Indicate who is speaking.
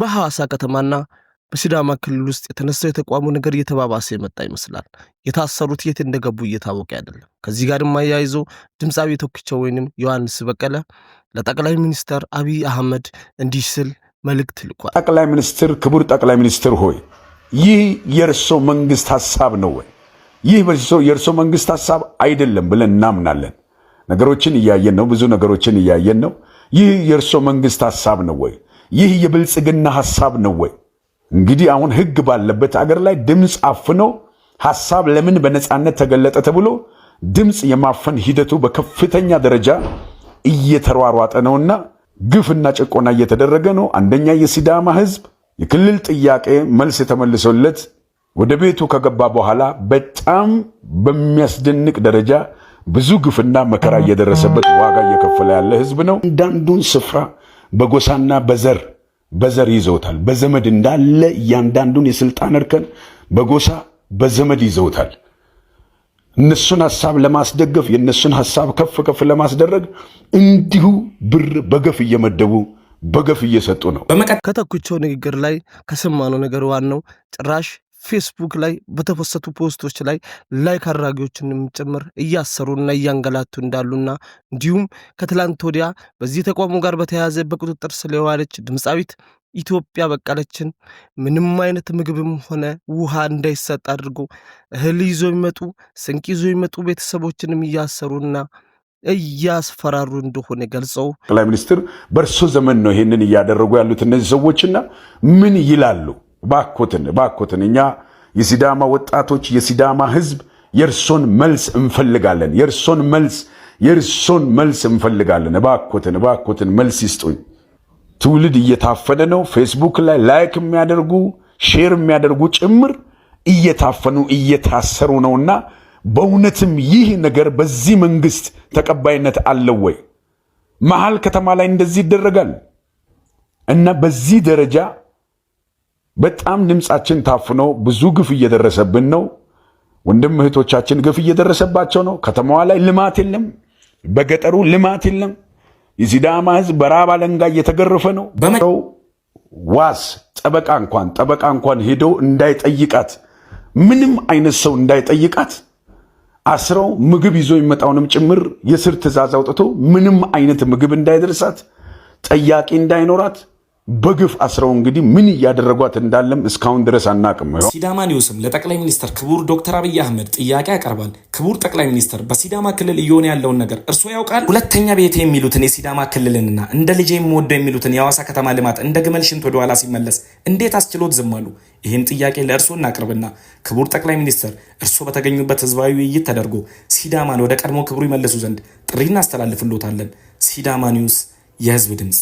Speaker 1: በሐዋሳ ከተማና በሲዳማ ክልል ውስጥ የተነሳው የተቋሙ ነገር እየተባባሰ የመጣ ይመስላል። የታሰሩት የት እንደገቡ እየታወቀ አይደለም። ከዚህ ጋር አያይዞ ድምፃዊ ቶኪቻው ወይንም ዮሐንስ በቀለ ለጠቅላይ ሚኒስተር አብይ አህመድ እንዲህ ስል መልእክት ልኳል።
Speaker 2: ጠቅላይ ሚኒስትር፣ ክቡር ጠቅላይ ሚኒስትር ሆይ ይህ የእርሶ መንግስት ሀሳብ ነው ወይ? ይህ የእርሶ መንግስት ሀሳብ አይደለም ብለን እናምናለን። ነገሮችን እያየን ነው፣ ብዙ ነገሮችን እያየን ነው። ይህ የእርሶ መንግስት ሀሳብ ነው ወይ? ይህ የብልጽግና ሐሳብ ነው ወይ? እንግዲህ አሁን ህግ ባለበት አገር ላይ ድምፅ አፍኖ ሐሳብ ለምን በነፃነት ተገለጠ ተብሎ ድምፅ የማፈን ሂደቱ በከፍተኛ ደረጃ እየተሯሯጠ ነውና ግፍና ጭቆና እየተደረገ ነው። አንደኛ የሲዳማ ህዝብ የክልል ጥያቄ መልስ የተመልሶለት ወደ ቤቱ ከገባ በኋላ በጣም በሚያስደንቅ ደረጃ ብዙ ግፍና መከራ እየደረሰበት ዋጋ እየከፈለ ያለ ህዝብ ነው። አንዳንዱን ስፍራ በጎሳና በዘር በዘር ይዘውታል። በዘመድ እንዳለ እያንዳንዱን የስልጣን እርከን በጎሳ በዘመድ ይዘውታል። እነሱን ሐሳብ ለማስደገፍ የእነሱን ሐሳብ ከፍ ከፍ ለማስደረግ እንዲሁ ብር በገፍ እየመደቡ በገፍ እየሰጡ ነው።
Speaker 1: ከተኩቸው ንግግር ላይ ከሰማነው ነገር ዋናው ጭራሽ ፌስቡክ ላይ በተፈሰቱ ፖስቶች ላይ ላይክ አድራጊዎችንም ጭምር እያሰሩና እያንገላቱ እንዳሉና እንዲሁም ከትላንት ወዲያ በዚህ ተቋሙ ጋር በተያያዘ በቁጥጥር ስለዋለች የዋለች ድምፃዊት ኢትዮጵያ በቀለችን ምንም አይነት ምግብም ሆነ ውሃ እንዳይሰጥ አድርጎ እህል ይዞ ይመጡ ስንቅ ይዞ የሚመጡ ቤተሰቦችንም እያሰሩና እያስፈራሩ እንደሆነ ገልጸው
Speaker 2: ጠቅላይ ሚኒስትር በእርሶ ዘመን ነው ይህንን እያደረጉ ያሉት እነዚህ ሰዎችና ምን ይላሉ? ባኮትን ባኮትን እኛ የሲዳማ ወጣቶች የሲዳማ ህዝብ የእርሶን መልስ እንፈልጋለን። የእርሶን መልስ የእርሶን መልስ እንፈልጋለን። ባኮትን ባኮትን፣ መልስ ይስጡኝ። ትውልድ እየታፈነ ነው። ፌስቡክ ላይ ላይክ የሚያደርጉ ሼር የሚያደርጉ ጭምር እየታፈኑ እየታሰሩ ነውና በእውነትም ይህ ነገር በዚህ መንግስት ተቀባይነት አለው ወይ? መሀል ከተማ ላይ እንደዚህ ይደረጋል እና በዚህ ደረጃ በጣም ድምፃችን ታፍኖ ብዙ ግፍ እየደረሰብን ነው። ወንድም እህቶቻችን ግፍ እየደረሰባቸው ነው። ከተማዋ ላይ ልማት የለም፣ በገጠሩ ልማት የለም። የሲዳማ ህዝብ በራብ አለንጋ እየተገረፈ ነው። በመው ዋስ ጠበቃ እንኳን ጠበቃ እንኳን ሄዶ እንዳይጠይቃት ምንም አይነት ሰው እንዳይጠይቃት አስረው ምግብ ይዞ የሚመጣውንም ጭምር የስር ትዕዛዝ አውጥቶ ምንም አይነት ምግብ እንዳይደርሳት ጠያቂ እንዳይኖራት በግፍ አስረው እንግዲህ ምን እያደረጓት እንዳለም እስካሁን ድረስ አናቅም።
Speaker 1: ሲዳማ ኒውስም ለጠቅላይ ሚኒስትር ክቡር ዶክተር አብይ አህመድ ጥያቄ ያቀርባል። ክቡር ጠቅላይ ሚኒስትር በሲዳማ ክልል እየሆነ ያለውን ነገር እርሶ ያውቃል? ሁለተኛ ቤቴ የሚሉትን የሲዳማ ክልልንና እንደ ልጄ የምወደው የሚሉትን የሐዋሳ ከተማ ልማት እንደ ግመል ሽንት ወደኋላ ሲመለስ እንዴት አስችሎት ዝም አሉ? ይህን ጥያቄ ለእርሶ እናቅርብና ክቡር ጠቅላይ ሚኒስትር እርሶ በተገኙበት ህዝባዊ ውይይት ተደርጎ ሲዳማን ወደ ቀድሞ ክብሩ ይመልሱ ዘንድ ጥሪ እናስተላልፍሎታለን። ሲዳማ ኒውስ የህዝብ ድምፅ